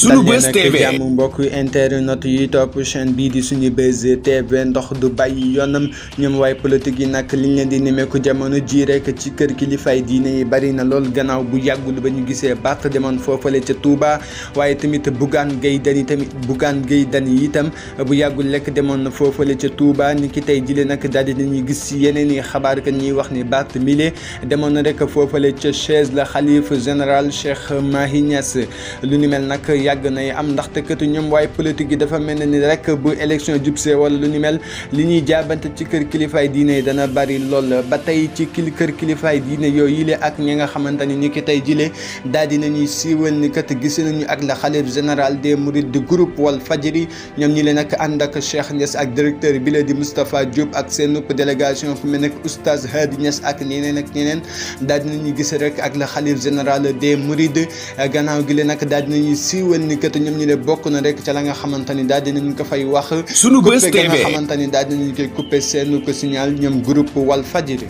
sunu bës TV jàmm mbokk internet yi topp chaîne bii di suñu bës TV ndox du bàyyi yoonam ñoom waaye politique yi nag liñ leen di nimeeku jamono ji rek ci kër kilifaay diine yi bari na lool gannaaw bu yàggul ba ñu gisee Bart demoon foofale ca Touba waaye tamit Bougane Gueye Dany tamit Bougane Gueye Dany itam bu yàggul lekk demoon na foofale ca Touba ni ki tey jile nag daal dañuy gis si yeneen yi xabaar que ñuy wax ni Bart Milé demoon na rek foofale ca chaise la xalif général Cheikh Mahi Niass lu ni mel yàgg nay am ndaxte katu ñoom waaye politique yi dafa mel ni rek bu élection jubsee wala lu ni mel li ñuy jaabante ci kër kilifaay diine dana bari lool ba tey ci kil kër kilifaay diine yooyu yile ak ñi nga xamante ni ñi ki tey jile daal di nañuy siiwal ni kat gis nañu ak la xalif général des mourides du groupe wal fajiri ñoom ñi leen ak ànd ak Cheikh Niass ak directeur bi la di Moustapha Diop ak seen nupp délégation fu mel ne oustaz Hadi Niass ak ñeneen ak ñeneen daal di nañuy yëwal ni ñoom ñu ne bokk na rek ca la nga xamante ni daal dinañ ko fay wax. Sunubuzz TV nga xamante ni daal dinañ koy couper seen ko signal ñoom groupe Walfadjri